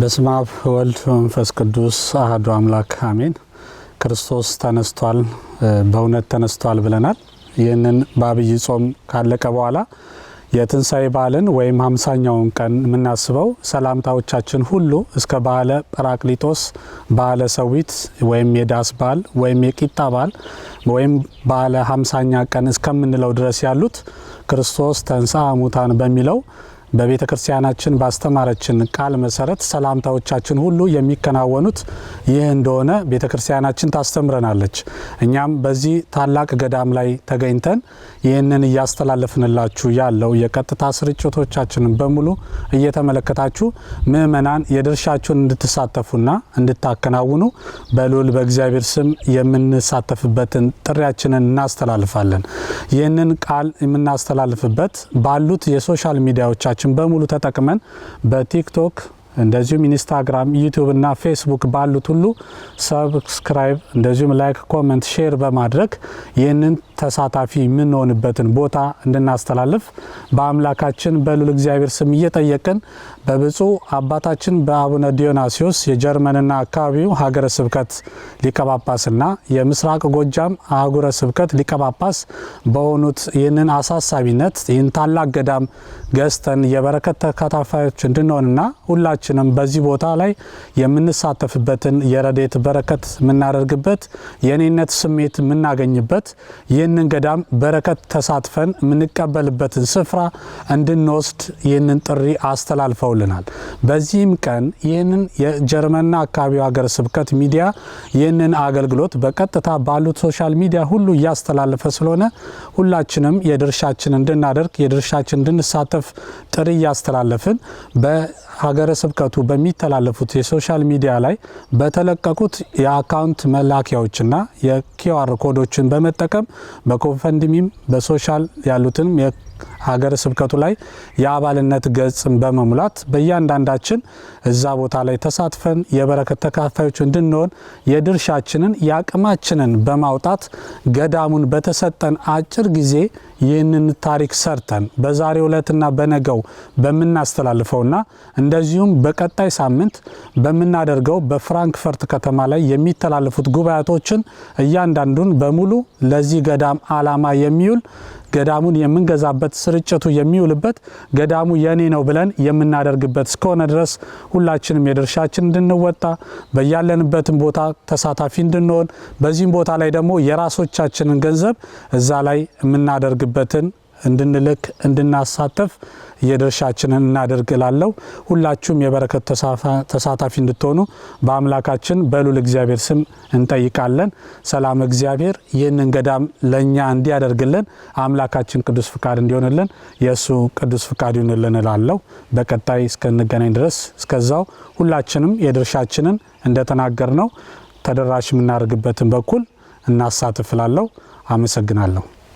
በስመ አብ ወልድ መንፈስ ቅዱስ አህዱ አምላክ አሜን። ክርስቶስ ተነስቷል፣ በእውነት ተነስቷል ብለናል። ይህንን በአብይ ጾም ካለቀ በኋላ የትንሣኤ በዓልን ወይም ሀምሳኛውን ቀን የምናስበው ሰላምታዎቻችን ሁሉ እስከ በዓለ ጰራቅሊጦስ፣ በዓለ ሰዊት ወይም የዳስ በዓል ወይም የቂጣ በዓል ወይም በዓለ ሀምሳኛ ቀን እስከምንለው ድረስ ያሉት ክርስቶስ ተንሥአ ሙታን በሚለው በቤተ ክርስቲያናችን ባስተማረችን ቃል መሰረት ሰላምታዎቻችን ሁሉ የሚከናወኑት ይህ እንደሆነ ቤተ ክርስቲያናችን ታስተምረናለች። እኛም በዚህ ታላቅ ገዳም ላይ ተገኝተን ይህንን እያስተላለፍንላችሁ ያለው የቀጥታ ስርጭቶቻችንን በሙሉ እየተመለከታችሁ ምእመናን የድርሻችሁን እንድትሳተፉና እንድታከናውኑ በልዑል በእግዚአብሔር ስም የምንሳተፍበትን ጥሪያችንን እናስተላልፋለን። ይህንን ቃል የምናስተላልፍበት ባሉት የሶሻል ሚዲያዎቻችን አማራጮችን በሙሉ ተጠቅመን በቲክቶክ እንደዚሁም ኢንስታግራም፣ ዩቲዩብ እና ፌስቡክ ባሉት ሁሉ ሰብስክራይብ እንደዚሁም ላይክ፣ ኮመንት፣ ሼር በማድረግ ይህንን ተሳታፊ የምንሆንበትን ቦታ እንድናስተላልፍ በአምላካችን በልዑል እግዚአብሔር ስም እየጠየቅን በብፁዕ አባታችን በአቡነ ዲዮናሲዮስ የጀርመንና አካባቢው ሀገረ ስብከት ሊቀጳጳስና የምስራቅ ጎጃም አህጉረ ስብከት ሊቀጳጳስ በሆኑት ይህንን አሳሳቢነት ይህን ታላቅ ገዳም ገዝተን የበረከት ተካታፋዮች እንድንሆንና ሁላችንም በዚህ ቦታ ላይ የምንሳተፍበትን የረዴት በረከት የምናደርግበት የእኔነት ስሜት የምናገኝበት ይህን ይህንን ገዳም በረከት ተሳትፈን የምንቀበልበትን ስፍራ እንድንወስድ ይህንን ጥሪ አስተላልፈውልናል። በዚህም ቀን ይህንን የጀርመንና አካባቢው ሀገረ ስብከት ሚዲያ ይህንን አገልግሎት በቀጥታ ባሉት ሶሻል ሚዲያ ሁሉ እያስተላለፈ ስለሆነ ሁላችንም የድርሻችን እንድናደርግ የድርሻችን እንድንሳተፍ ጥሪ እያስተላለፍን ሀገረ ስብከቱ በሚተላለፉት የሶሻል ሚዲያ ላይ በተለቀቁት የአካውንት መላኪያዎችና የኪዋር ኮዶችን በመጠቀም በኮፈንድሚም በሶሻል ያሉትንም ሀገረ ስብከቱ ላይ የአባልነት ገጽን በመሙላት በእያንዳንዳችን እዛ ቦታ ላይ ተሳትፈን የበረከት ተካፋዮች እንድንሆን የድርሻችንን የአቅማችንን በማውጣት ገዳሙን በተሰጠን አጭር ጊዜ ይህንን ታሪክ ሰርተን በዛሬው ዕለትና በነገው በምናስተላልፈውና እንደዚሁም በቀጣይ ሳምንት በምናደርገው በፍራንክፈርት ከተማ ላይ የሚተላለፉት ጉባኤቶችን እያንዳንዱን በሙሉ ለዚህ ገዳም ዓላማ የሚውል ገዳሙን የምንገዛበት ስርጭቱ የሚውልበት ገዳሙ የኔ ነው ብለን የምናደርግበት እስከሆነ ድረስ ሁላችንም የድርሻችን እንድንወጣ በያለንበትን ቦታ ተሳታፊ እንድንሆን በዚህም ቦታ ላይ ደግሞ የራሶቻችንን ገንዘብ እዛ ላይ የምናደርግበትን እንድንልክ እንድናሳተፍ የድርሻችንን እናደርግ ሁላችሁም የበረከት ተሳታፊ እንድትሆኑ በአምላካችን በሉል እግዚአብሔር ስም እንጠይቃለን። ሰላም እግዚአብሔር ይህንን ገዳም ለእኛ እንዲያደርግልን አምላካችን ቅዱስ ፍቃድ እንዲሆንልን የእሱ ቅዱስ ፍቃድ ይሆንልን እላለሁ። በቀጣይ እስከንገናኝ ድረስ እስከዛው ሁላችንም የድርሻችንን እንደተናገር ነው ተደራሽ የምናደርግበትን በኩል እናሳትፍላለሁ። አመሰግናለሁ።